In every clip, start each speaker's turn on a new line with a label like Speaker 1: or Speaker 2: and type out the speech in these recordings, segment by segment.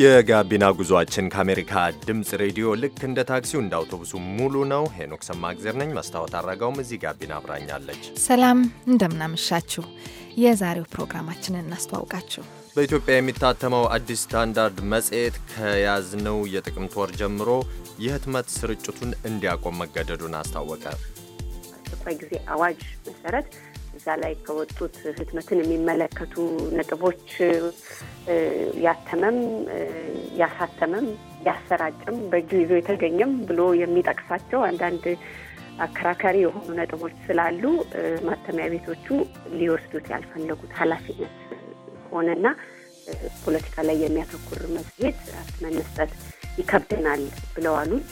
Speaker 1: የጋቢና ጉዟችን ከአሜሪካ ድምፅ ሬዲዮ ልክ እንደ ታክሲው እንደ አውቶቡሱ ሙሉ ነው። ሄኖክ ሰማእግዜር ነኝ። መስታወት አድረጋውም እዚህ ጋቢና አብራኛለች።
Speaker 2: ሰላም እንደምናመሻችሁ። የዛሬው ፕሮግራማችንን እናስተዋውቃችሁ።
Speaker 1: በኢትዮጵያ የሚታተመው አዲስ ስታንዳርድ መጽሔት ከያዝነው የጥቅምት ወር ጀምሮ የህትመት ስርጭቱን እንዲያቆም መገደዱን አስታወቀ።
Speaker 3: አስቸኳይ ጊዜ አዋጅ መሰረት እዛ ላይ ከወጡት ህትመትን የሚመለከቱ ነጥቦች ያተመም፣ ያሳተመም፣ ያሰራጭም፣ በእጁ ይዞ የተገኘም ብሎ የሚጠቅሳቸው አንዳንድ አከራካሪ የሆኑ ነጥቦች ስላሉ ማተሚያ ቤቶቹ ሊወስዱት ያልፈለጉት ኃላፊነት ሆነና ፖለቲካ ላይ የሚያተኩር መጽሔት መስጠት ይከብደናል ብለዋሉን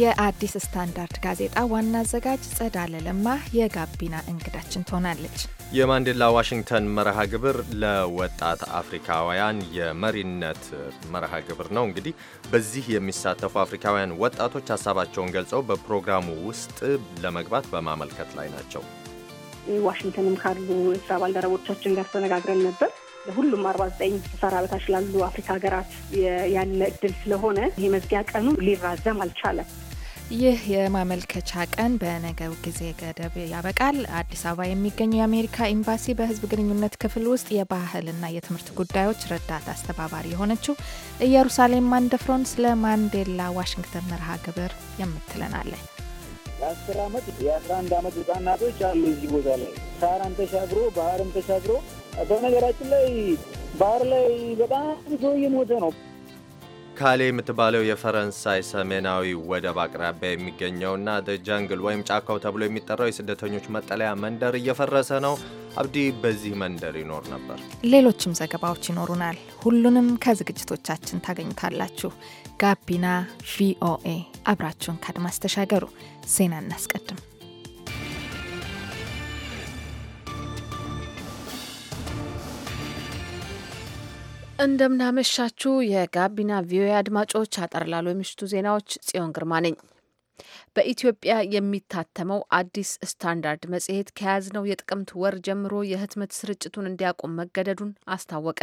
Speaker 2: የአዲስ ስታንዳርድ ጋዜጣ ዋና አዘጋጅ ጸዳለ ለማ የጋቢና እንግዳችን ትሆናለች።
Speaker 1: የማንዴላ ዋሽንግተን መርሃ ግብር ለወጣት አፍሪካውያን የመሪነት መርሃ ግብር ነው። እንግዲህ በዚህ የሚሳተፉ አፍሪካውያን ወጣቶች ሀሳባቸውን ገልጸው በፕሮግራሙ ውስጥ ለመግባት በማመልከት ላይ ናቸው።
Speaker 4: ዋሽንግተንም ካሉ የስራ ባልደረቦቻችን ጋር ተነጋግረን ነበር። ለሁሉም አርባ ዘጠኝ ሰራ በታች ላሉ አፍሪካ ሀገራት ያለ እድል ስለሆነ ይህ መዝጊያ ቀኑ ሊራዘም አልቻለም።
Speaker 2: ይህ የማመልከቻ ቀን በነገው ጊዜ ገደብ ያበቃል። አዲስ አበባ የሚገኘው የአሜሪካ ኤምባሲ በሕዝብ ግንኙነት ክፍል ውስጥ የባህልና የትምህርት ጉዳዮች ረዳት አስተባባሪ የሆነችው ኢየሩሳሌም ማንደፍሮን ስለ ማንዴላ ዋሽንግተን መርሃ ግብር የምትለናለን።
Speaker 5: የአስር ዓመት የአስራ አንድ ዓመት ህጻናቶች አሉ እዚህ ቦታ ላይ ሳራን ተሻግሮ ባህርን ተሻግሮ በነገራችን ላይ ባህር ላይ በጣም ሰው እየሞተ ነው።
Speaker 1: ካሌ የምትባለው የፈረንሳይ ሰሜናዊ ወደብ አቅራቢያ የሚገኘውና ጃንግል ወይም ጫካው ተብሎ የሚጠራው የስደተኞች መጠለያ መንደር እየፈረሰ ነው። አብዲ በዚህ መንደር ይኖር ነበር።
Speaker 2: ሌሎችም ዘገባዎች ይኖሩናል። ሁሉንም ከዝግጅቶቻችን ታገኙታላችሁ። ጋቢና ቪኦኤ፣ አብራችሁን ከአድማስ ተሻገሩ። ዜና እናስቀድም።
Speaker 6: እንደምናመሻችሁ የጋቢና ቪኦኤ አድማጮች፣ አጠርላሉ የምሽቱ ዜናዎች ጽዮን ግርማ ነኝ። በኢትዮጵያ የሚታተመው አዲስ ስታንዳርድ መጽሔት ከያዝነው የጥቅምት ወር ጀምሮ የህትመት ስርጭቱን እንዲያቆም መገደዱን አስታወቀ።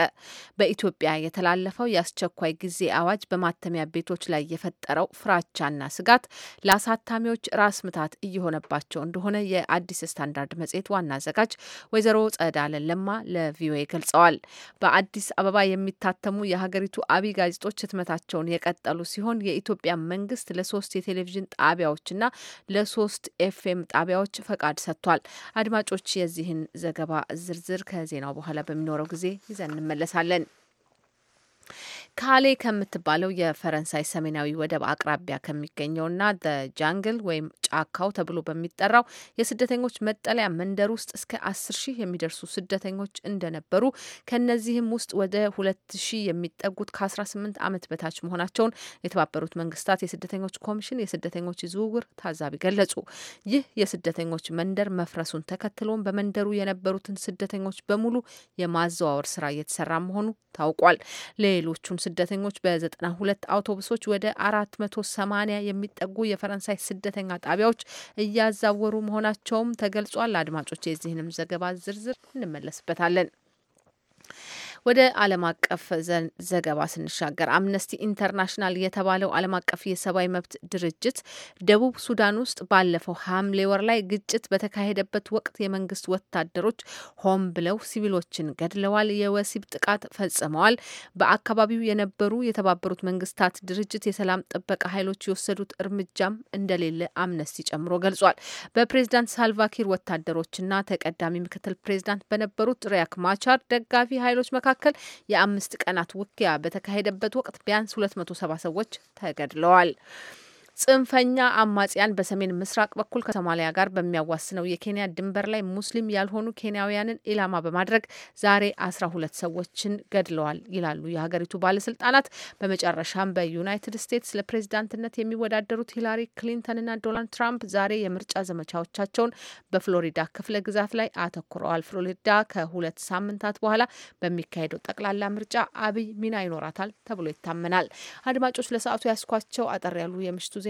Speaker 6: በኢትዮጵያ የተላለፈው የአስቸኳይ ጊዜ አዋጅ በማተሚያ ቤቶች ላይ የፈጠረው ፍራቻና ስጋት ለአሳታሚዎች ራስ ምታት እየሆነባቸው እንደሆነ የአዲስ ስታንዳርድ መጽሔት ዋና አዘጋጅ ወይዘሮ ጸዳለ ለማ ለቪኦኤ ገልጸዋል። በአዲስ አበባ የሚታተሙ የሀገሪቱ አቢይ ጋዜጦች ህትመታቸውን የቀጠሉ ሲሆን የኢትዮጵያ መንግስት ለሶስት የቴሌቪዥን ጣቢያዎች ሬዲዮዎችና ለሶስት ኤፍኤም ጣቢያዎች ፈቃድ ሰጥቷል። አድማጮች የዚህን ዘገባ ዝርዝር ከዜናው በኋላ በሚኖረው ጊዜ ይዘን እንመለሳለን። ካሌ ከምትባለው የፈረንሳይ ሰሜናዊ ወደብ አቅራቢያ ከሚገኘውና ጃንግል ወይም ጫካው ተብሎ በሚጠራው የስደተኞች መጠለያ መንደር ውስጥ እስከ አስር ሺህ የሚደርሱ ስደተኞች እንደነበሩ ከነዚህም ውስጥ ወደ ሁለት ሺህ የሚጠጉት ከ18 ዓመት በታች መሆናቸውን የተባበሩት መንግስታት የስደተኞች ኮሚሽን የስደተኞች ዝውውር ታዛቢ ገለጹ። ይህ የስደተኞች መንደር መፍረሱን ተከትሎም በመንደሩ የነበሩትን ስደተኞች በሙሉ የማዘዋወር ስራ እየተሰራ መሆኑ ታውቋል። ሌሎቹን ስደተኞች በዘጠና ሁለት አውቶቡሶች ወደ 480 የሚጠጉ የፈረንሳይ ስደተኛ ጣቢያ ጣቢያዎች እያዛወሩ መሆናቸውም ተገልጿል። አድማጮች፣ የዚህንም ዘገባ ዝርዝር እንመለስበታለን። ወደ ዓለም አቀፍ ዘገባ ስንሻገር አምነስቲ ኢንተርናሽናል የተባለው ዓለም አቀፍ የሰብአዊ መብት ድርጅት ደቡብ ሱዳን ውስጥ ባለፈው ሐምሌ ወር ላይ ግጭት በተካሄደበት ወቅት የመንግስት ወታደሮች ሆን ብለው ሲቪሎችን ገድለዋል፣ የወሲብ ጥቃት ፈጽመዋል፣ በአካባቢው የነበሩ የተባበሩት መንግስታት ድርጅት የሰላም ጥበቃ ኃይሎች የወሰዱት እርምጃም እንደሌለ አምነስቲ ጨምሮ ገልጿል። በፕሬዚዳንት ሳልቫኪር ወታደሮችና ተቀዳሚ ምክትል ፕሬዝዳንት በነበሩት ሪያክ ማቻር ደጋፊ ኃይሎች መካከል መካከል የአምስት ቀናት ውጊያ በተካሄደበት ወቅት ቢያንስ 270 ሰዎች ተገድለዋል። ጽንፈኛ አማጽያን በሰሜን ምስራቅ በኩል ከሶማሊያ ጋር በሚያዋስነው የኬንያ ድንበር ላይ ሙስሊም ያልሆኑ ኬንያውያንን ኢላማ በማድረግ ዛሬ አስራ ሁለት ሰዎችን ገድለዋል ይላሉ የሀገሪቱ ባለስልጣናት። በመጨረሻም በዩናይትድ ስቴትስ ለፕሬዚዳንትነት የሚወዳደሩት ሂላሪ ክሊንተንና ዶናልድ ትራምፕ ዛሬ የምርጫ ዘመቻዎቻቸውን በፍሎሪዳ ክፍለ ግዛት ላይ አተኩረዋል። ፍሎሪዳ ከሁለት ሳምንታት በኋላ በሚካሄደው ጠቅላላ ምርጫ አብይ ሚና ይኖራታል ተብሎ ይታመናል። አድማጮች ለሰዓቱ ያስኳቸው አጠር ያሉ የምሽቱ ዜና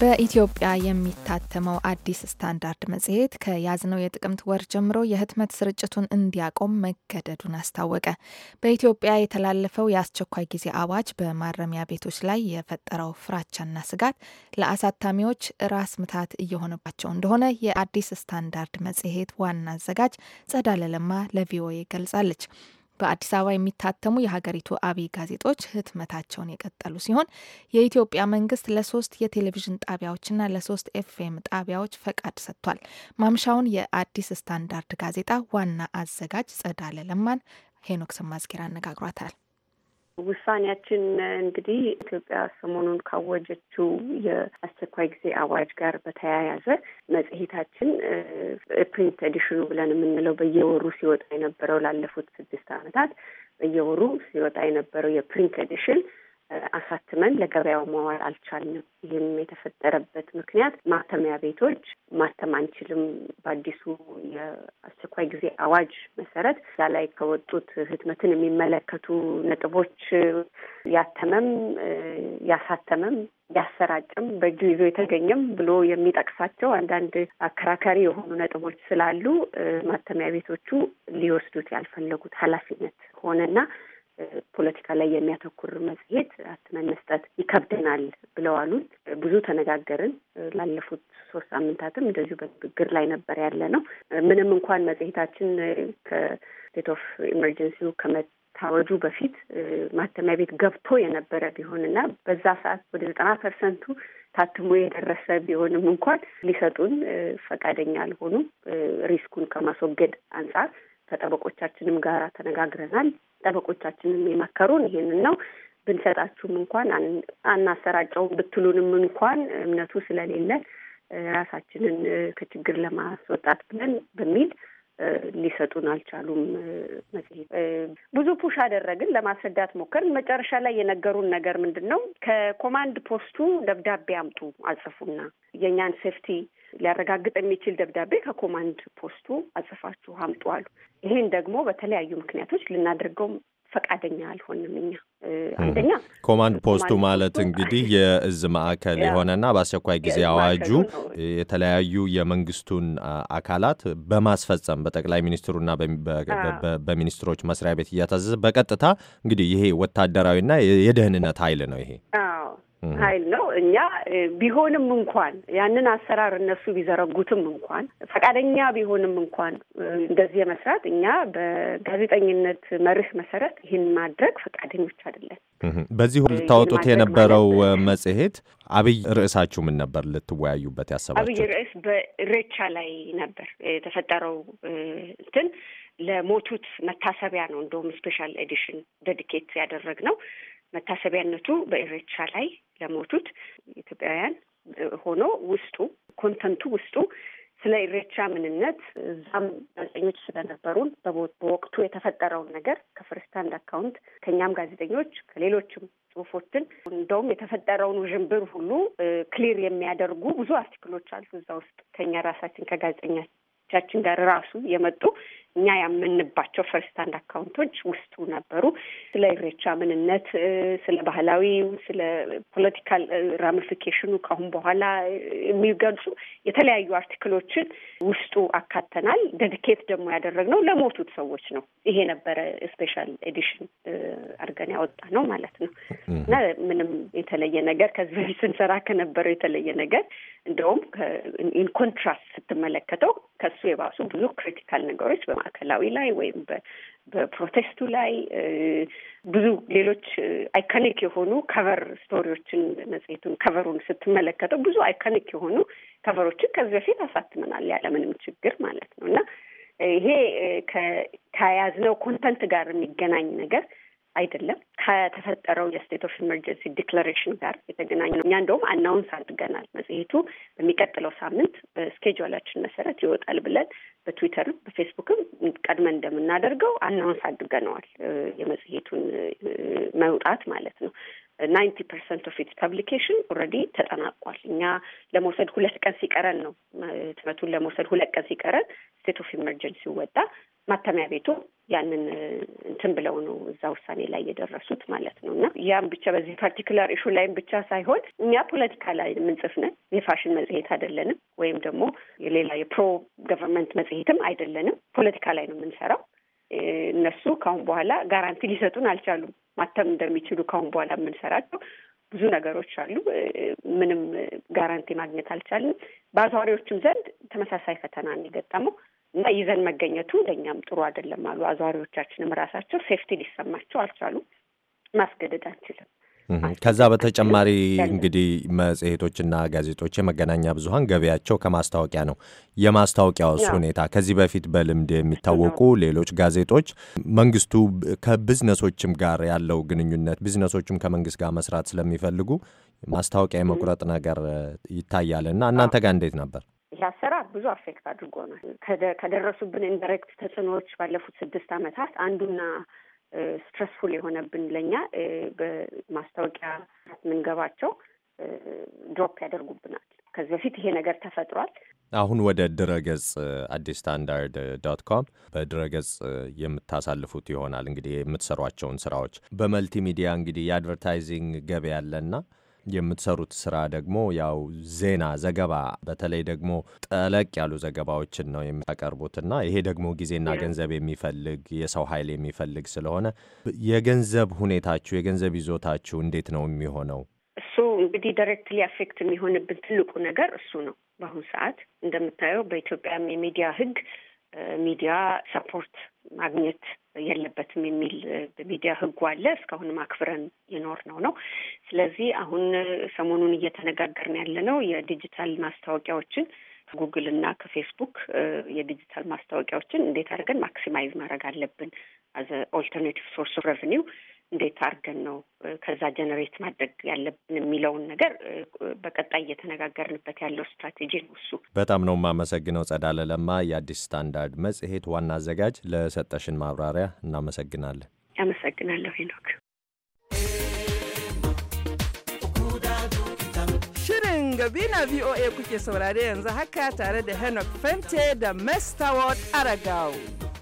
Speaker 2: በኢትዮጵያ የሚታተመው አዲስ ስታንዳርድ መጽሔት ከያዝነው የጥቅምት ወር ጀምሮ የህትመት ስርጭቱን እንዲያቆም መገደዱን አስታወቀ። በኢትዮጵያ የተላለፈው የአስቸኳይ ጊዜ አዋጅ በማረሚያ ቤቶች ላይ የፈጠረው ፍራቻና ስጋት ለአሳታሚዎች ራስ ምታት እየሆነባቸው እንደሆነ የአዲስ ስታንዳርድ መጽሔት ዋና አዘጋጅ ጸዳለ ለማ ለቪኦኤ ገልጻለች። በአዲስ አበባ የሚታተሙ የሀገሪቱ አብይ ጋዜጦች ህትመታቸውን የቀጠሉ ሲሆን የኢትዮጵያ መንግስት ለሶስት የቴሌቪዥን ጣቢያዎችና ለሶስት ኤፍኤም ጣቢያዎች ፈቃድ ሰጥቷል። ማምሻውን የአዲስ ስታንዳርድ ጋዜጣ ዋና አዘጋጅ ጸዳለ ለማን ሄኖክ ሰማዝጌር አነጋግሯታል።
Speaker 3: ውሳኔያችን እንግዲህ ኢትዮጵያ ሰሞኑን ካወጀችው የአስቸኳይ ጊዜ አዋጅ ጋር በተያያዘ መጽሔታችን ፕሪንት ኤዲሽኑ ብለን የምንለው በየወሩ ሲወጣ የነበረው ላለፉት ስድስት ዓመታት በየወሩ ሲወጣ የነበረው የፕሪንት ኤዲሽን አሳትመን ለገበያው መዋል አልቻልንም። ይህም የተፈጠረበት ምክንያት ማተሚያ ቤቶች ማተም አንችልም፣ በአዲሱ የአስቸኳይ ጊዜ አዋጅ መሰረት እዛ ላይ ከወጡት ህትመትን የሚመለከቱ ነጥቦች ያተመም ያሳተመም ያሰራጭም በእጁ ይዞ የተገኘም ብሎ የሚጠቅሳቸው አንዳንድ አከራካሪ የሆኑ ነጥቦች ስላሉ ማተሚያ ቤቶቹ ሊወስዱት ያልፈለጉት ኃላፊነት ሆነና ፖለቲካ ላይ የሚያተኩር መጽሔት አትመን መስጠት ይከብደናል ብለዋሉን። ብዙ ተነጋገርን። ላለፉት ሶስት ሳምንታትም እንደዚሁ በንግግር ላይ ነበር ያለ ነው። ምንም እንኳን መጽሔታችን ከስቴት ኦፍ ኢመርጀንሲው ከመታወጁ በፊት ማተሚያ ቤት ገብቶ የነበረ ቢሆንና በዛ ሰዓት ወደ ዘጠና ፐርሰንቱ ታትሞ የደረሰ ቢሆንም እንኳን ሊሰጡን ፈቃደኛ አልሆኑም። ሪስኩን ከማስወገድ አንጻር ከጠበቆቻችንም ጋር ተነጋግረናል። ጠበቆቻችንም የመከሩን ይሄንን ነው። ብንሰጣችሁም እንኳን አናሰራጨውም ብትሉንም እንኳን እምነቱ ስለሌለ ራሳችንን ከችግር ለማስወጣት ብለን በሚል ሊሰጡን አልቻሉም። መጽሔት ብዙ ፑሽ አደረግን፣ ለማስረዳት ሞከርን። መጨረሻ ላይ የነገሩን ነገር ምንድን ነው? ከኮማንድ ፖስቱ ደብዳቤ አምጡ አጽፉና የእኛን ሴፍቲ ሊያረጋግጥ የሚችል ደብዳቤ ከኮማንድ ፖስቱ አጽፋችሁ አምጡ አሉ። ይሄን ደግሞ በተለያዩ ምክንያቶች ልናደርገው ፈቃደኛ አልሆንም። እኛ አንደኛ
Speaker 1: ኮማንድ ፖስቱ ማለት እንግዲህ የእዝ ማዕከል የሆነና በአስቸኳይ ጊዜ አዋጁ የተለያዩ የመንግስቱን አካላት በማስፈጸም በጠቅላይ ሚኒስትሩና በሚኒስትሮች መስሪያ ቤት እያታዘዘ በቀጥታ እንግዲህ ይሄ ወታደራዊና የደህንነት ኃይል ነው። ይሄ
Speaker 3: ኃይል ነው። እኛ ቢሆንም እንኳን ያንን አሰራር እነሱ ቢዘረጉትም እንኳን ፈቃደኛ ቢሆንም እንኳን እንደዚህ የመስራት እኛ በጋዜጠኝነት መርህ መሰረት ይህን ማድረግ ፈቃደኞች አይደለን።
Speaker 1: በዚሁ ልታወጡት የነበረው መጽሔት አብይ ርዕሳችሁ ምን ነበር? ልትወያዩበት ያሰባችሁ አብይ ርዕስ
Speaker 3: በሬቻ ላይ ነበር የተፈጠረው እንትን ለሞቱት መታሰቢያ ነው። እንደውም ስፔሻል ኤዲሽን ዴዲኬት ያደረግ ነው መታሰቢያነቱ በኢሬቻ ላይ ለሞቱት ኢትዮጵያውያን ሆኖ ውስጡ ኮንተንቱ ውስጡ ስለ ኢሬቻ ምንነት እዛም ጋዜጠኞች ስለነበሩን በወቅቱ የተፈጠረውን ነገር ከፍርስታንድ አካውንት ከእኛም ጋዜጠኞች ከሌሎችም ጽሁፎችን እንደውም የተፈጠረውን ውዥንብር ሁሉ ክሊር የሚያደርጉ ብዙ አርቲክሎች አሉ እዛ ውስጥ ከኛ ራሳችን ከጋዜጠኛቻችን ጋር ራሱ የመጡ እኛ ያመንባቸው ፈርስት አንድ አካውንቶች ውስጡ ነበሩ። ስለ ኢሬቻ ምንነት፣ ስለ ባህላዊ ስለ ፖለቲካል ራሚፊኬሽኑ ከአሁን በኋላ የሚገልጹ የተለያዩ አርቲክሎችን ውስጡ አካተናል። ደድኬት ደግሞ ያደረግነው ለሞቱት ሰዎች ነው። ይሄ ነበረ ስፔሻል ኤዲሽን አድርገን ያወጣ ነው ማለት ነው እና ምንም የተለየ ነገር ከዚህ በፊት ስንሰራ ከነበረው የተለየ ነገር እንደውም ኢን ኮንትራስት ስትመለከተው ከሱ የባሱ ብዙ ክሪቲካል ነገሮች በማ በማዕከላዊ ላይ ወይም በፕሮቴስቱ ላይ ብዙ ሌሎች አይካኒክ የሆኑ ከቨር ስቶሪዎችን መጽሔቱን ከቨሩን ስትመለከተው ብዙ አይካኒክ የሆኑ ከቨሮችን ከዚህ በፊት አሳትመናል ያለምንም ችግር ማለት ነው እና ይሄ ከያዝነው ኮንተንት ጋር የሚገናኝ ነገር አይደለም። ከተፈጠረው የስቴት ኦፍ ኢመርጀንሲ ዲክላሬሽን ጋር የተገናኘ ነው። እኛ እንደውም አናውንስ አድርገናል። መጽሔቱ በሚቀጥለው ሳምንት በስኬጁላችን መሰረት ይወጣል ብለን በትዊተርም በፌስቡክም ቀድመን እንደምናደርገው አናውንስ አድርገነዋል። የመጽሔቱን መውጣት ማለት ነው። ናይንቲ ፐርሰንት ኦፍ ኢትስ ፐብሊኬሽን ኦልሬዲ ተጠናቋል። እኛ ለመውሰድ ሁለት ቀን ሲቀረን ነው ህትመቱን ለመውሰድ ሁለት ቀን ሲቀረን ስቴት ኦፍ ኢመርጀንሲ ወጣ። ማተሚያ ቤቱ ያንን እንትን ብለው ነው እዛ ውሳኔ ላይ የደረሱት ማለት ነው። እና ያም ብቻ በዚህ ፓርቲኩላር ኢሹ ላይም ብቻ ሳይሆን እኛ ፖለቲካ ላይ የምንጽፍ ነን። የፋሽን መጽሔት አይደለንም፣ ወይም ደግሞ የሌላ የፕሮ ገቨርንመንት መጽሔትም አይደለንም። ፖለቲካ ላይ ነው የምንሰራው። እነሱ ከአሁን በኋላ ጋራንቲ ሊሰጡን አልቻሉም። ማተም እንደሚችሉ ከአሁን በኋላ የምንሰራቸው ብዙ ነገሮች አሉ። ምንም ጋራንቲ ማግኘት አልቻልንም። በአዟሪዎችም ዘንድ ተመሳሳይ ፈተና የገጠመው እና ይዘን መገኘቱ ለእኛም ጥሩ አይደለም አሉ። አዟሪዎቻችንም ራሳቸው ሴፍቲ ሊሰማቸው አልቻሉም። ማስገደድ አንችልም።
Speaker 1: ከዛ በተጨማሪ እንግዲህ መጽሔቶችና ጋዜጦች የመገናኛ ብዙኃን ገበያቸው ከማስታወቂያ ነው። የማስታወቂያውስ ሁኔታ ከዚህ በፊት በልምድ የሚታወቁ ሌሎች ጋዜጦች መንግስቱ ከቢዝነሶችም ጋር ያለው ግንኙነት ቢዝነሶችም ከመንግስት ጋር መስራት ስለሚፈልጉ ማስታወቂያ የመቁረጥ ነገር ይታያል እና እናንተ ጋር እንዴት ነበር?
Speaker 3: ይህ አሰራር ብዙ አፌክት ነው ከደረሱብን ኢንዳይሬክት ተጽዕኖዎች ባለፉት ስድስት ዓመታት አንዱና ስትረስፉል የሆነብን ለእኛ በማስታወቂያ ምንገባቸው ድሮፕ ያደርጉብናል። ከዚህ በፊት ይሄ ነገር ተፈጥሯል።
Speaker 1: አሁን ወደ ድረገጽ አዲስ ስታንዳርድ ዶት ኮም በድረገጽ የምታሳልፉት ይሆናል እንግዲህ የምትሰሯቸውን ስራዎች በመልቲ እንግዲህ የአድቨርታይዚንግ ገበያ ያለና የምትሰሩት ስራ ደግሞ ያው ዜና፣ ዘገባ በተለይ ደግሞ ጠለቅ ያሉ ዘገባዎችን ነው የምታቀርቡትና ይሄ ደግሞ ጊዜና ገንዘብ የሚፈልግ የሰው ኃይል የሚፈልግ ስለሆነ የገንዘብ ሁኔታችሁ የገንዘብ ይዞታችሁ እንዴት ነው የሚሆነው?
Speaker 3: እሱ እንግዲህ ዳይሬክትሊ አፌክት የሚሆንብን ትልቁ ነገር እሱ ነው። በአሁኑ ሰዓት እንደምታየው በኢትዮጵያም የሚዲያ ህግ ሚዲያ ሰፖርት ማግኘት የለበትም የሚል በሚዲያ ህጉ አለ። እስካሁንም አክብረን ይኖር ነው ነው። ስለዚህ አሁን ሰሞኑን እየተነጋገርን ያለ ነው የዲጂታል ማስታወቂያዎችን ከጉግል እና ከፌስቡክ የዲጂታል ማስታወቂያዎችን እንዴት አድርገን ማክሲማይዝ ማድረግ አለብን አዘ ኦልተርኔቲቭ ሶርስ ኦፍ ሬቨኒው እንዴት አድርገን ነው ከዛ ጀነሬት ማድረግ ያለብን የሚለውን ነገር በቀጣይ እየተነጋገርንበት ያለው ስትራቴጂ ነው እሱ።
Speaker 1: በጣም ነው የማመሰግነው ጸዳለ ለማ፣ የአዲስ ስታንዳርድ መጽሔት ዋና አዘጋጅ፣ ለሰጠሽን ማብራሪያ እናመሰግናለን።
Speaker 4: አመሰግናለሁ ሄኖክ። Shirin Gabina VOA kuke saurare
Speaker 6: yanzu haka tare da Henok Fente da Mestaward Aragao.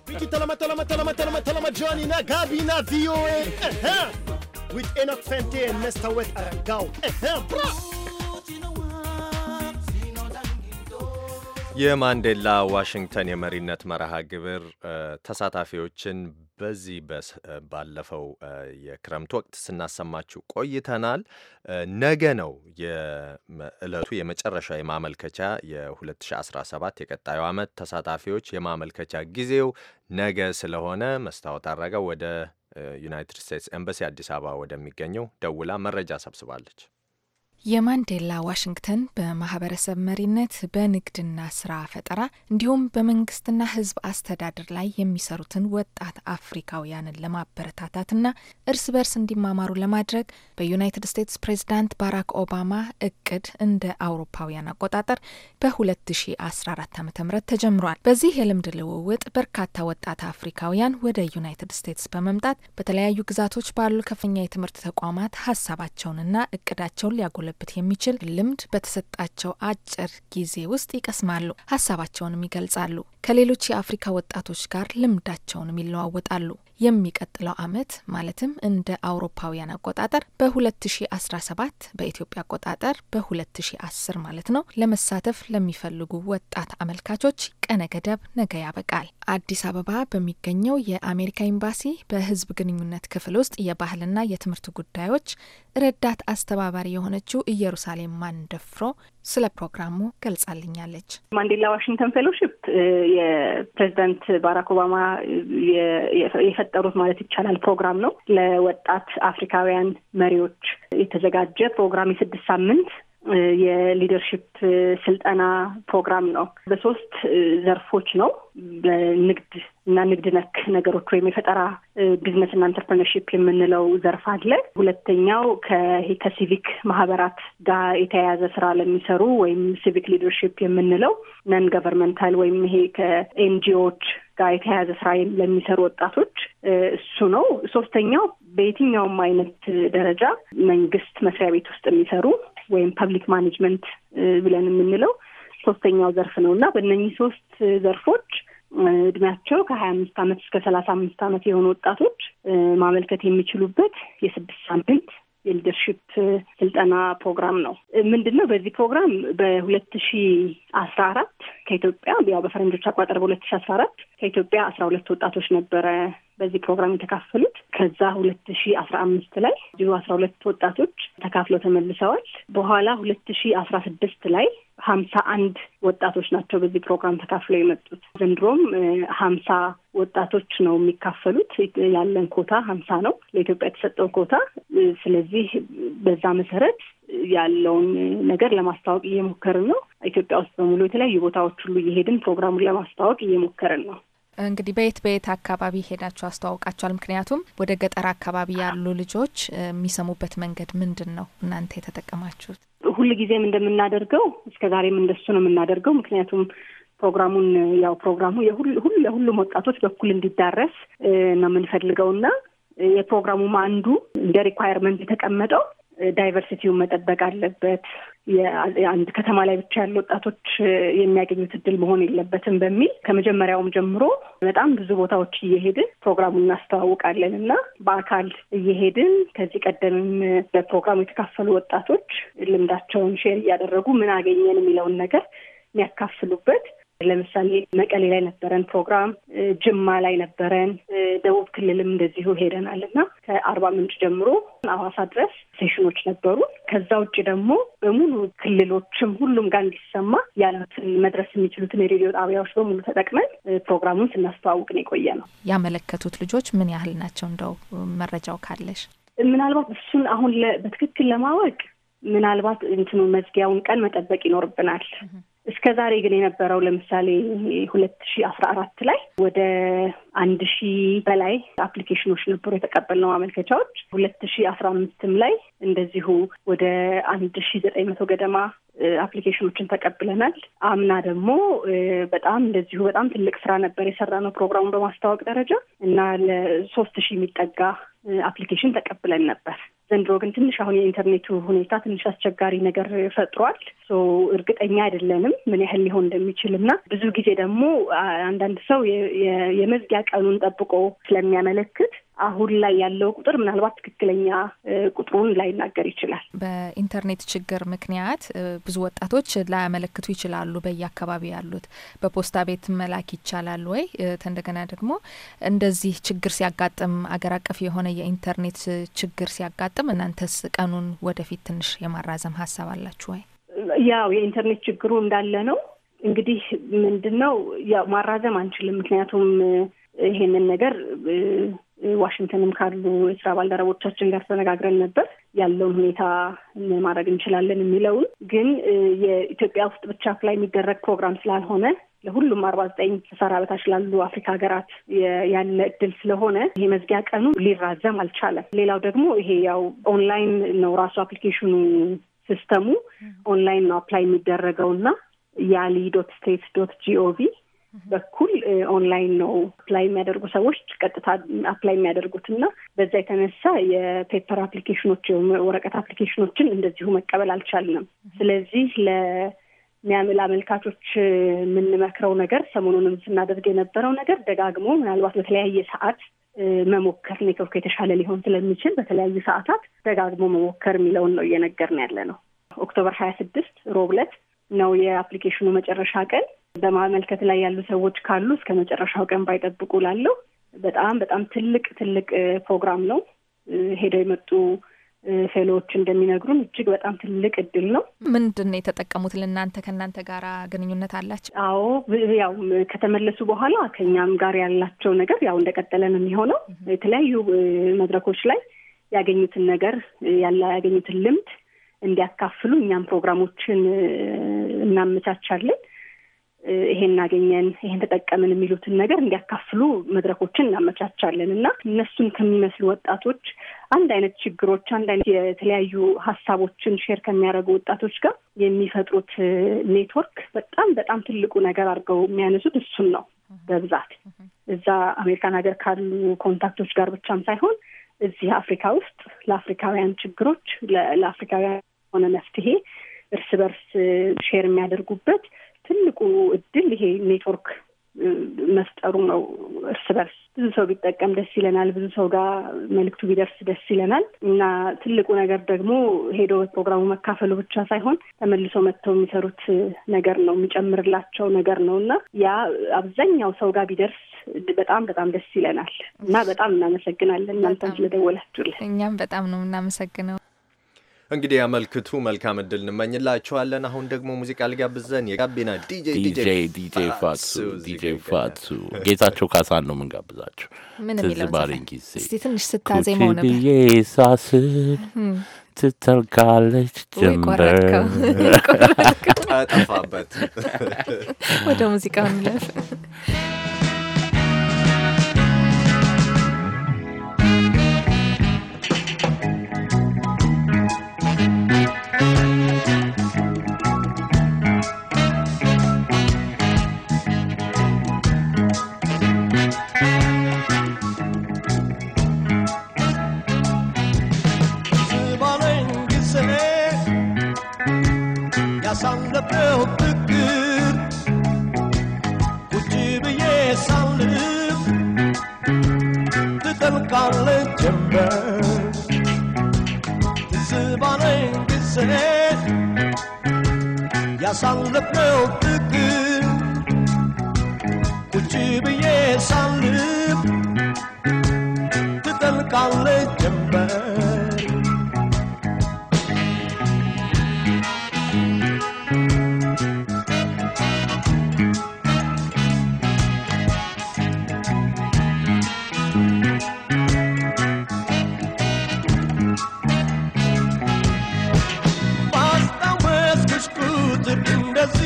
Speaker 6: wiki talama
Speaker 7: talama talama talama talama Johnny na Gabi na VOA with Enoch Fente and Mr. Wet aragao
Speaker 1: የማንዴላ ዋሽንግተን የመሪነት መርሃ ግብር ተሳታፊዎችን በዚህ ባለፈው የክረምት ወቅት ስናሰማችሁ ቆይተናል። ነገ ነው የእለቱ የመጨረሻ የማመልከቻ የ2017 የቀጣዩ ዓመት ተሳታፊዎች የማመልከቻ ጊዜው ነገ ስለሆነ መስታወት አረጋ ወደ ዩናይትድ ስቴትስ ኤምባሲ አዲስ አበባ ወደሚገኘው ደውላ መረጃ ሰብስባለች።
Speaker 2: የማንዴላ ዋሽንግተን በማህበረሰብ መሪነት በንግድና ስራ ፈጠራ እንዲሁም በመንግስትና ሕዝብ አስተዳደር ላይ የሚሰሩትን ወጣት አፍሪካውያንን ለማበረታታትና እርስ በርስ እንዲማማሩ ለማድረግ በዩናይትድ ስቴትስ ፕሬዚዳንት ባራክ ኦባማ እቅድ እንደ አውሮፓውያን አቆጣጠር በ2014 ዓ ም ተጀምሯል። በዚህ የልምድ ልውውጥ በርካታ ወጣት አፍሪካውያን ወደ ዩናይትድ ስቴትስ በመምጣት በተለያዩ ግዛቶች ባሉ ከፍተኛ የትምህርት ተቋማት ሀሳባቸውንና እቅዳቸውን ሊያጎ ሊያውለብት የሚችል ልምድ በተሰጣቸው አጭር ጊዜ ውስጥ ይቀስማሉ። ሀሳባቸውንም ይገልጻሉ። ከሌሎች የአፍሪካ ወጣቶች ጋር ልምዳቸውንም ይለዋወጣሉ። የሚቀጥለው አመት ማለትም እንደ አውሮፓውያን አቆጣጠር በ2017 በኢትዮጵያ አቆጣጠር በ2010 ማለት ነው ለመሳተፍ ለሚፈልጉ ወጣት አመልካቾች ቀነ ገደብ ነገ ያበቃል። አዲስ አበባ በሚገኘው የአሜሪካ ኤምባሲ በህዝብ ግንኙነት ክፍል ውስጥ የባህልና የትምህርት ጉዳዮች ረዳት አስተባባሪ የሆነችው ኢየሩሳሌም ማንደፍሮ ስለ ፕሮግራሙ
Speaker 4: ገልጻልኛለች። ማንዴላ ዋሽንግተን ፌሎሺፕ የፕሬዚዳንት ባራክ ኦባማ የፈጠሩት ማለት ይቻላል ፕሮግራም ነው። ለወጣት አፍሪካውያን መሪዎች የተዘጋጀ ፕሮግራም የስድስት ሳምንት የሊደርሽፕ ስልጠና ፕሮግራም ነው። በሶስት ዘርፎች ነው። በንግድ እና ንግድ ነክ ነገሮች ወይም የፈጠራ ቢዝነስና ኢንተርፕርነርሺፕ የምንለው ዘርፍ አለ። ሁለተኛው ከሲቪክ ማህበራት ጋር የተያያዘ ስራ ለሚሰሩ ወይም ሲቪክ ሊደርሺፕ የምንለው ነን ገቨርንመንታል ወይም ይሄ ከኤንጂኦዎች ጋር የተያያዘ ስራ ለሚሰሩ ወጣቶች እሱ ነው። ሶስተኛው በየትኛውም አይነት ደረጃ መንግስት መስሪያ ቤት ውስጥ የሚሰሩ ወይም ፐብሊክ ማኔጅመንት ብለን የምንለው ሶስተኛው ዘርፍ ነው እና በእነኚህ ሶስት ዘርፎች እድሜያቸው ከሀያ አምስት ዓመት እስከ ሰላሳ አምስት ዓመት የሆኑ ወጣቶች ማመልከት የሚችሉበት የስድስት ሳምንት የሊደርሽፕ ስልጠና ፕሮግራም ነው። ምንድን ነው በዚህ ፕሮግራም በሁለት ሺ አስራ አራት ከኢትዮጵያ ያው በፈረንጆች አቋጠር በሁለት ሺ አስራ አራት ከኢትዮጵያ አስራ ሁለት ወጣቶች ነበረ በዚህ ፕሮግራም የተካፈሉት። ከዛ ሁለት ሺ አስራ አምስት ላይ እዚሁ አስራ ሁለት ወጣቶች ተካፍለው ተመልሰዋል። በኋላ ሁለት ሺ አስራ ስድስት ላይ ሀምሳ አንድ ወጣቶች ናቸው በዚህ ፕሮግራም ተካፍለው የመጡት። ዘንድሮም ሀምሳ ወጣቶች ነው የሚካፈሉት። ያለን ኮታ ሀምሳ ነው ለኢትዮጵያ የተሰጠው ኮታ። ስለዚህ በዛ መሰረት ያለውን ነገር ለማስታወቅ እየሞከርን ነው። ኢትዮጵያ ውስጥ በሙሉ የተለያዩ ቦታዎች ሁሉ እየሄድን ፕሮግራሙን ለማስተዋወቅ እየሞከርን ነው።
Speaker 2: እንግዲህ በየት በየት አካባቢ ሄዳችሁ አስተዋውቃችኋል? ምክንያቱም ወደ ገጠር አካባቢ ያሉ ልጆች የሚሰሙበት
Speaker 4: መንገድ ምንድን ነው? እናንተ የተጠቀማችሁት? ሁል ጊዜም እንደምናደርገው እስከ ዛሬም እንደሱ ነው የምናደርገው። ምክንያቱም ፕሮግራሙን ያው ፕሮግራሙ ለሁሉም ወጣቶች በኩል እንዲዳረስ ነው የምንፈልገው እና የፕሮግራሙም አንዱ እንደ ሪኳየርመንት የተቀመጠው ዳይቨርሲቲውን መጠበቅ አለበት። የአንድ ከተማ ላይ ብቻ ያሉ ወጣቶች የሚያገኙት እድል መሆን የለበትም በሚል ከመጀመሪያውም ጀምሮ በጣም ብዙ ቦታዎች እየሄድን ፕሮግራሙን እናስተዋውቃለን እና በአካል እየሄድን ከዚህ ቀደምም በፕሮግራሙ የተካፈሉ ወጣቶች ልምዳቸውን ሼር እያደረጉ ምን አገኘን የሚለውን ነገር የሚያካፍሉበት ለምሳሌ መቀሌ ላይ ነበረን ፕሮግራም፣ ጅማ ላይ ነበረን፣ ደቡብ ክልልም እንደዚሁ ሄደናል እና ከአርባ ምንጭ ጀምሮ አዋሳ ድረስ ሴሽኖች ነበሩ። ከዛ ውጭ ደግሞ በሙሉ ክልሎችም ሁሉም ጋር እንዲሰማ ያሉትን መድረስ የሚችሉትን የሬዲዮ ጣቢያዎች በሙሉ ተጠቅመን ፕሮግራሙን ስናስተዋውቅ ነው የቆየ ነው።
Speaker 2: ያመለከቱት ልጆች ምን ያህል ናቸው? እንደው መረጃው ካለሽ
Speaker 4: ምናልባት እሱን አሁን በትክክል ለማወቅ ምናልባት እንትኑ መዝጊያውን ቀን መጠበቅ ይኖርብናል። እስከ ዛሬ ግን የነበረው ለምሳሌ ሁለት ሺ አስራ አራት ላይ ወደ አንድ ሺ በላይ አፕሊኬሽኖች ነበሩ የተቀበልነው አመልከቻዎች። ሁለት ሺ አስራ አምስትም ላይ እንደዚሁ ወደ አንድ ሺ ዘጠኝ መቶ ገደማ አፕሊኬሽኖችን ተቀብለናል። አምና ደግሞ በጣም እንደዚሁ በጣም ትልቅ ስራ ነበር የሰራነው ፕሮግራሙን በማስታወቅ ደረጃ እና ለሶስት ሺህ የሚጠጋ አፕሊኬሽን ተቀብለን ነበር። ዘንድሮ ግን ትንሽ አሁን የኢንተርኔቱ ሁኔታ ትንሽ አስቸጋሪ ነገር ፈጥሯል። እርግጠኛ አይደለንም ምን ያህል ሊሆን እንደሚችል እና ብዙ ጊዜ ደግሞ አንዳንድ ሰው የመዝጊያ ቀኑን ጠብቆ ስለሚያመለክት አሁን ላይ ያለው ቁጥር ምናልባት ትክክለኛ ቁጥሩን ላይናገር ይችላል።
Speaker 2: በኢንተርኔት ችግር ምክንያት ብዙ ወጣቶች ላያመለክቱ ይችላሉ። በየአካባቢ ያሉት በፖስታ ቤት መላክ ይቻላል ወይ? እንደገና ደግሞ እንደዚህ ችግር ሲያጋጥም አገር አቀፍ የሆነ የኢንተርኔት ችግር ሲያጋጥም እናንተስ ቀኑን ወደፊት ትንሽ የማራዘም ሀሳብ አላችሁ ወይ?
Speaker 4: ያው የኢንተርኔት ችግሩ እንዳለ ነው። እንግዲህ ምንድን ነው ያው ማራዘም አንችልም። ምክንያቱም ይሄንን ነገር ዋሽንግተንም ካሉ የስራ ባልደረቦቻችን ጋር ተነጋግረን ነበር ያለውን ሁኔታ ማድረግ እንችላለን የሚለውን ግን የኢትዮጵያ ውስጥ ብቻ ላይ የሚደረግ ፕሮግራም ስላልሆነ ለሁሉም አርባ ዘጠኝ ሰሃራ በታች ላሉ አፍሪካ ሀገራት ያለ እድል ስለሆነ ይሄ መዝጊያ ቀኑ ሊራዘም አልቻለም። ሌላው ደግሞ ይሄ ያው ኦንላይን ነው ራሱ አፕሊኬሽኑ ሲስተሙ ኦንላይን ነው አፕላይ የሚደረገው እና ያሊ ዶት ስቴት ዶት ጂኦቪ በኩል ኦንላይን ነው አፕላይ የሚያደርጉ ሰዎች ቀጥታ አፕላይ የሚያደርጉት እና በዛ የተነሳ የፔፐር አፕሊኬሽኖች ወረቀት አፕሊኬሽኖችን እንደዚሁ መቀበል አልቻልንም። ስለዚህ ለሚያምል አመልካቾች የምንመክረው ነገር ሰሞኑንም ስናደርግ የነበረው ነገር ደጋግሞ ምናልባት በተለያየ ሰዓት መሞከር ኔትወርክ የተሻለ ሊሆን ስለሚችል በተለያዩ ሰዓታት ደጋግሞ መሞከር የሚለውን ነው እየነገርን ያለ ነው። ኦክቶበር ሀያ ስድስት ሮብለት ነው የአፕሊኬሽኑ መጨረሻ ቀን። በማመልከት ላይ ያሉ ሰዎች ካሉ እስከ መጨረሻው ቀን ባይጠብቁ ላለው በጣም በጣም ትልቅ ትልቅ ፕሮግራም ነው። ሄደው የመጡ ፌሎዎች እንደሚነግሩን እጅግ በጣም ትልቅ እድል ነው።
Speaker 2: ምንድን ነው የተጠቀሙት? ለእናንተ ከእናንተ ጋር
Speaker 4: ግንኙነት አላቸው? አዎ፣ ያው ከተመለሱ በኋላ ከኛም ጋር ያላቸው ነገር ያው እንደቀጠለ ነው የሚሆነው። የተለያዩ መድረኮች ላይ ያገኙትን ነገር ያለ ያገኙትን ልምድ እንዲያካፍሉ እኛም ፕሮግራሞችን እናመቻቻለን። ይሄን እናገኘን ይሄን ተጠቀምን የሚሉትን ነገር እንዲያካፍሉ መድረኮችን እናመቻቻለን እና እነሱን ከሚመስሉ ወጣቶች አንድ አይነት ችግሮች፣ አንድ አይነት የተለያዩ ሀሳቦችን ሼር ከሚያደርጉ ወጣቶች ጋር የሚፈጥሩት ኔትወርክ በጣም በጣም ትልቁ ነገር አድርገው የሚያነሱት እሱን ነው። በብዛት እዛ አሜሪካን ሀገር ካሉ ኮንታክቶች ጋር ብቻም ሳይሆን እዚህ አፍሪካ ውስጥ ለአፍሪካውያን ችግሮች ለአፍሪካውያን የሆነ መፍትሄ እርስ በርስ ሼር የሚያደርጉበት ትልቁ እድል ይሄ ኔትወርክ መፍጠሩ ነው። እርስ በርስ ብዙ ሰው ቢጠቀም ደስ ይለናል። ብዙ ሰው ጋር መልእክቱ ቢደርስ ደስ ይለናል እና ትልቁ ነገር ደግሞ ሄዶ ፕሮግራሙ መካፈሉ ብቻ ሳይሆን ተመልሶ መጥተው የሚሰሩት ነገር ነው የሚጨምርላቸው ነገር ነው እና ያ አብዛኛው ሰው ጋር ቢደርስ በጣም በጣም ደስ ይለናል እና በጣም እናመሰግናለን እናንተ ስለደወላችሁልን። እኛም በጣም ነው እናመሰግነው።
Speaker 1: እንግዲህ ያመልክቱ። መልካም እድል እንመኝላችኋለን። አሁን ደግሞ ሙዚቃ ልጋብዘን። የጋቢና ዲጄ ፋቱ ዲጄ ፋቱ ጌታቸው ካሳን ነው የምንጋብዛቸው። ትዝ ባለኝ ጊዜ
Speaker 2: ትንሽ ስታዜመው
Speaker 4: ነበር ሳስብ ትተርጋለች ጀምበር ጠፋበት
Speaker 2: ወደ ሙዚቃ ምለፍ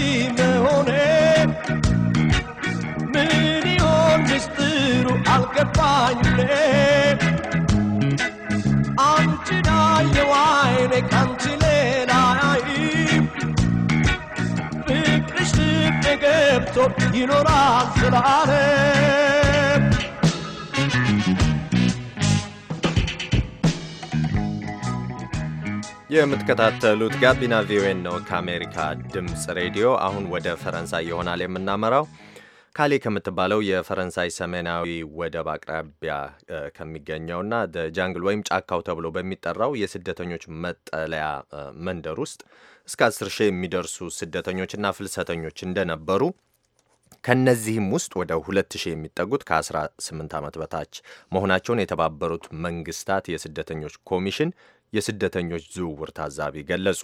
Speaker 7: Simeone Meni on mistyru alke paine Antina ja vaine kantile nai Vipristi pegepto inoran selare Vipristi pegepto
Speaker 1: የምትከታተሉት ጋቢና ቪኦኤ ነው ከአሜሪካ ድምፅ ሬዲዮ። አሁን ወደ ፈረንሳይ ይሆናል የምናመራው። ካሌ ከምትባለው የፈረንሳይ ሰሜናዊ ወደብ አቅራቢያ ከሚገኘውና ጃንግል ወይም ጫካው ተብሎ በሚጠራው የስደተኞች መጠለያ መንደር ውስጥ እስከ አስር ሺህ የሚደርሱ ስደተኞችና ፍልሰተኞች እንደነበሩ ከነዚህም ውስጥ ወደ 2000 የሚጠጉት ከ18 ዓመት በታች መሆናቸውን የተባበሩት መንግስታት የስደተኞች ኮሚሽን የስደተኞች ዝውውር ታዛቢ ገለጹ።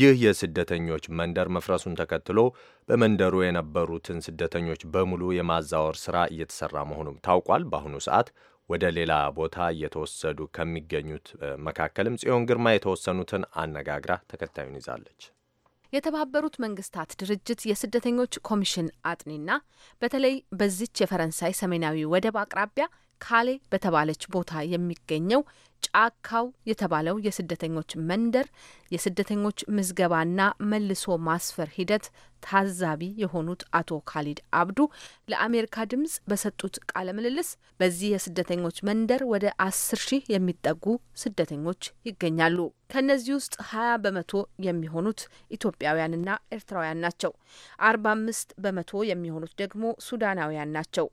Speaker 1: ይህ የስደተኞች መንደር መፍረሱን ተከትሎ በመንደሩ የነበሩትን ስደተኞች በሙሉ የማዛወር ስራ እየተሰራ መሆኑም ታውቋል። በአሁኑ ሰዓት ወደ ሌላ ቦታ እየተወሰዱ ከሚገኙት መካከልም ጽዮን ግርማ የተወሰኑትን አነጋግራ ተከታዩን ይዛለች።
Speaker 6: የተባበሩት መንግስታት ድርጅት የስደተኞች ኮሚሽን አጥኒና በተለይ በዚች የፈረንሳይ ሰሜናዊ ወደብ አቅራቢያ ካሌ በተባለች ቦታ የሚገኘው ጫካው የተባለው የስደተኞች መንደር የስደተኞች ምዝገባና መልሶ ማስፈር ሂደት ታዛቢ የሆኑት አቶ ካሊድ አብዱ ለአሜሪካ ድምጽ በሰጡት ቃለ ምልልስ በዚህ የስደተኞች መንደር ወደ አስር ሺህ የሚጠጉ ስደተኞች ይገኛሉ። ከእነዚህ ውስጥ ሀያ በመቶ የሚሆኑት ኢትዮጵያውያንና ኤርትራውያን ናቸው። አርባ አምስት በመቶ የሚሆኑት ደግሞ ሱዳናውያን ናቸው።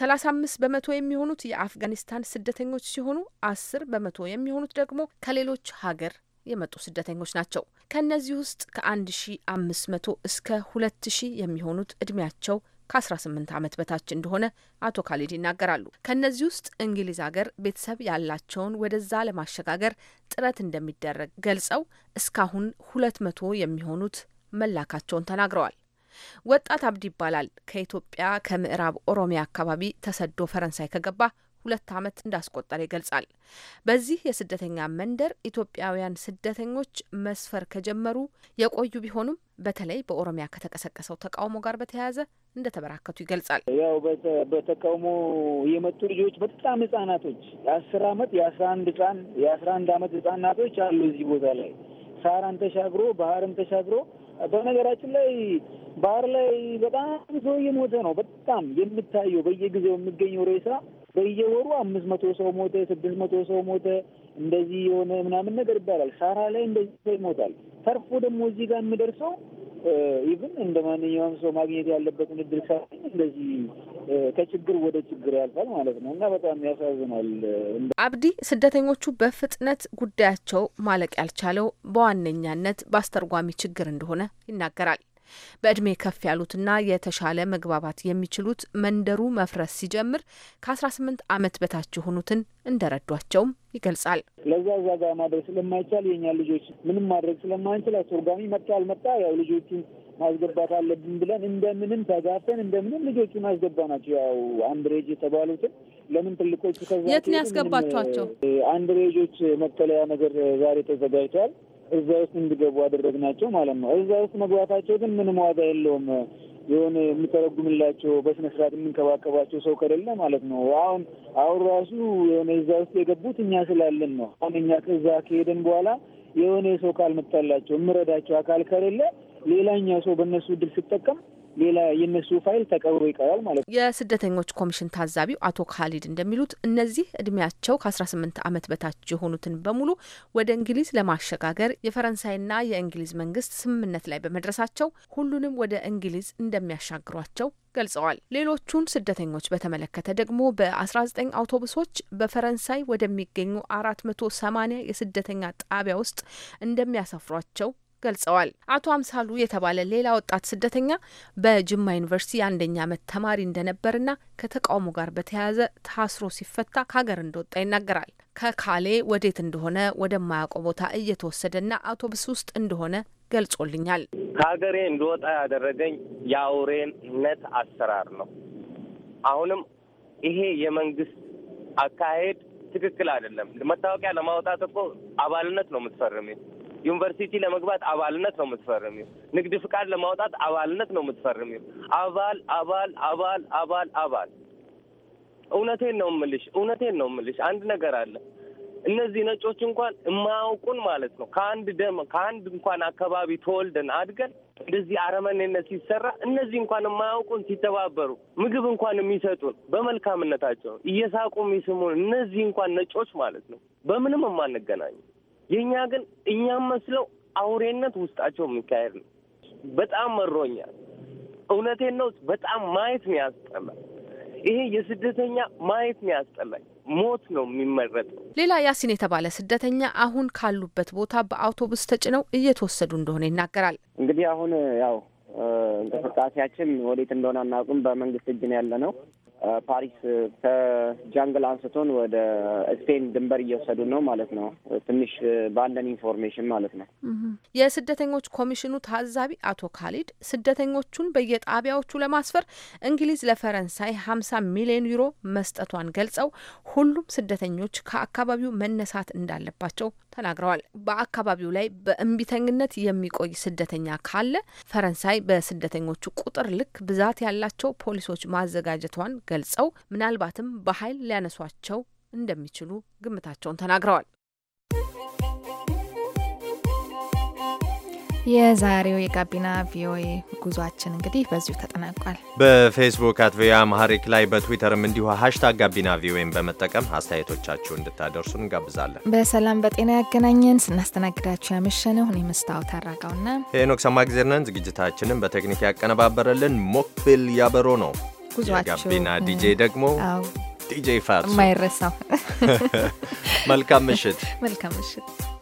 Speaker 6: ሰላሳ አምስት በመቶ የሚሆኑት የአፍጋኒስታን ስደተኞች ሲሆኑ አስር በመ በመቶ የሚሆኑት ደግሞ ከሌሎች ሀገር የመጡ ስደተኞች ናቸው። ከእነዚህ ውስጥ ከ መቶ እስከ 2000 የሚሆኑት እድሜያቸው ከ18 ዓመት በታች እንደሆነ አቶ ካሊድ ይናገራሉ። ከእነዚህ ውስጥ እንግሊዝ ሀገር ቤተሰብ ያላቸውን ወደዛ ለማሸጋገር ጥረት እንደሚደረግ ገልጸው እስካሁን 200 የሚሆኑት መላካቸውን ተናግረዋል። ወጣት አብዲ ይባላል። ከኢትዮጵያ ከምዕራብ ኦሮሚያ አካባቢ ተሰዶ ፈረንሳይ ከገባ ሁለት ዓመት እንዳስቆጠረ ይገልጻል። በዚህ የስደተኛ መንደር ኢትዮጵያውያን ስደተኞች መስፈር ከጀመሩ የቆዩ ቢሆኑም በተለይ በኦሮሚያ ከተቀሰቀሰው ተቃውሞ ጋር በተያያዘ እንደተበራከቱ
Speaker 5: ይገልጻል። ያው በተቃውሞ የመጡ ልጆች በጣም ህጻናቶች የአስር አመት የአስራ አንድ ህጻን የአስራ አንድ አመት ህጻናቶች አሉ እዚህ ቦታ ላይ ሳራን ተሻግሮ ባህርን ተሻግሮ በነገራችን ላይ ባህር ላይ በጣም ሰው እየሞተ ነው። በጣም የምታየው በየጊዜው የሚገኘው ሬሳ በየወሩ አምስት መቶ ሰው ሞተ፣ ስድስት መቶ ሰው ሞተ፣ እንደዚህ የሆነ ምናምን ነገር ይባላል። ሳራ ላይ እንደዚህ ሰው ይሞታል። ተርፎ ደግሞ እዚህ ጋር የሚደርሰው ኢቭን እንደ ማንኛውም ሰው ማግኘት ያለበትን እድል ሳ እንደዚህ ከችግር ወደ ችግር ያልፋል ማለት ነው እና በጣም ያሳዝናል።
Speaker 6: አብዲ ስደተኞቹ በፍጥነት ጉዳያቸው ማለቅ ያልቻለው በዋነኛነት በአስተርጓሚ ችግር እንደሆነ ይናገራል። በእድሜ ከፍ ያሉትና የተሻለ መግባባት የሚችሉት መንደሩ መፍረስ ሲጀምር ከ18 ዓመት በታች የሆኑትን እንደረዷቸውም ይገልጻል።
Speaker 5: ለዛ እዛ ጋር ማድረግ ስለማይቻል የኛ ልጆች ምንም ማድረግ ስለማንችል አስወርጋሚ መጣ አልመጣ ያው ልጆቹን ማስገባት አለብን ብለን እንደምንም ተጋፈን እንደምንም ልጆቹን አስገባ ናቸው። ያው አንድሬጅ የተባሉትን ለምን ትልቆቹ ከዛ የት ነው ያስገባችኋቸው? አንድሬጆች መጠለያ ነገር ዛሬ ተዘጋጅተዋል። እዛ ውስጥ እንዲገቡ አደረግናቸው ማለት ነው። እዛ ውስጥ መግባታቸው ግን ምንም ዋጋ የለውም። የሆነ የሚተረጉምላቸው በስነ ስርዓት የምንከባከባቸው ሰው ከሌለ ማለት ነው። አሁን አሁን ራሱ የሆነ እዛ ውስጥ የገቡት እኛ ስላለን ነው። አሁን እኛ እዛ ከሄደን በኋላ የሆነ ሰው ካልመጣላቸው የምረዳቸው አካል ከሌለ ሌላኛው ሰው በእነሱ እድል ሲጠቀም ሌላ የእነሱ ፋይል ተቀብሮ ይቀራል ማለት ነው።
Speaker 6: የስደተኞች ኮሚሽን ታዛቢው አቶ ካሊድ እንደሚሉት እነዚህ እድሜያቸው ከአስራ ስምንት ዓመት በታች የሆኑትን በሙሉ ወደ እንግሊዝ ለማሸጋገር የፈረንሳይና የእንግሊዝ መንግስት ስምምነት ላይ በመድረሳቸው ሁሉንም ወደ እንግሊዝ እንደሚያሻግሯቸው ገልጸዋል። ሌሎቹን ስደተኞች በተመለከተ ደግሞ በ19 አውቶቡሶች በፈረንሳይ ወደሚገኙ 480 የስደተኛ ጣቢያ ውስጥ እንደሚያሰፍሯቸው ገልጸዋል። አቶ አምሳሉ የተባለ ሌላ ወጣት ስደተኛ በጅማ ዩኒቨርሲቲ የአንደኛ ዓመት ተማሪ እንደነበርና ከተቃውሞ ጋር በተያያዘ ታስሮ ሲፈታ ከሀገር እንደወጣ ይናገራል። ከካሌ ወዴት እንደሆነ ወደማያውቀው ቦታ እየተወሰደና አውቶቡስ ውስጥ እንደሆነ ገልጾልኛል።
Speaker 1: ከሀገሬ እንደወጣ ያደረገኝ የአውሬነት አሰራር ነው። አሁንም ይሄ የመንግስት አካሄድ ትክክል አይደለም። መታወቂያ ለማውጣት እኮ አባልነት ነው የምትፈርሜ ዩኒቨርሲቲ ለመግባት አባልነት ነው የምትፈርሚው። ንግድ ፍቃድ ለማውጣት አባልነት ነው የምትፈርሚው። አባል አባል አባል አባል አባል። እውነቴን ነው የምልሽ፣ እውነቴን ነው የምልሽ። አንድ ነገር አለ። እነዚህ ነጮች እንኳን የማያውቁን ማለት ነው ከአንድ ደም ከአንድ እንኳን አካባቢ ተወልደን አድገን እንደዚህ አረመኔነት ሲሰራ እነዚህ እንኳን የማያውቁን ሲተባበሩ ምግብ እንኳን የሚሰጡን በመልካምነታቸው እየሳቁ
Speaker 5: የሚስሙን እነዚህ እንኳን ነጮች ማለት ነው በምንም የማንገናኘው የእኛ ግን እኛም መስለው አውሬነት ውስጣቸው የሚካሄድ ነው። በጣም መሮኛል። እውነቴን ነው። በጣም ማየት ነው ያስጠላል። ይሄ የስደተኛ ማየት ነው ያስጠላኝ። ሞት ነው የሚመረጠው።
Speaker 6: ሌላ ያሲን የተባለ ስደተኛ አሁን ካሉበት ቦታ በአውቶቡስ ተጭነው እየተወሰዱ እንደሆነ ይናገራል።
Speaker 5: እንግዲህ አሁን ያው እንቅስቃሴያችን ወዴት እንደሆነ አናውቅም። በመንግስት እጅ ነው ያለ ነው። ፓሪስ ከጃንግል አንስቶን ወደ ስፔን ድንበር እየወሰዱን ነው ማለት ነው። ትንሽ ባለን ኢንፎርሜሽን ማለት ነው።
Speaker 6: የስደተኞች ኮሚሽኑ ታዛቢ አቶ ካሊድ ስደተኞቹን በየጣቢያዎቹ ለማስፈር እንግሊዝ ለፈረንሳይ ሀምሳ ሚሊዮን ዩሮ መስጠቷን ገልጸው ሁሉም ስደተኞች ከአካባቢው መነሳት እንዳለባቸው ተናግረዋል። በአካባቢው ላይ በእምቢተኝነት የሚቆይ ስደተኛ ካለ ፈረንሳይ በስደተኞቹ ቁጥር ልክ ብዛት ያላቸው ፖሊሶች ማዘጋጀቷን ገልጸው ምናልባትም በኃይል ሊያነሷቸው እንደሚችሉ ግምታቸውን ተናግረዋል።
Speaker 2: የዛሬው የጋቢና ቪኦኤ ጉዟችን እንግዲህ በዚሁ ተጠናቋል።
Speaker 1: በፌስቡክ አት ቪኦኤ አማሪክ ላይ በትዊተርም እንዲሁ ሀሽታግ ጋቢና ቪኦኤን በመጠቀም አስተያየቶቻችሁ እንድታደርሱ እንጋብዛለን።
Speaker 2: በሰላም በጤና ያገናኘን። ስናስተናግዳችሁ ያመሸነው እኔ መስታወት አራጋውና
Speaker 1: ሄኖክ ሰማእግዜር ነን። ዝግጅታችንን በቴክኒክ ያቀነባበረልን ሞክቢል ያበሮ ነው።
Speaker 2: ጋቢና ዲጄ
Speaker 1: ደግሞ ዲጄ ፋቱ ማይረሳው። መልካም ምሽት።
Speaker 2: መልካም ምሽት።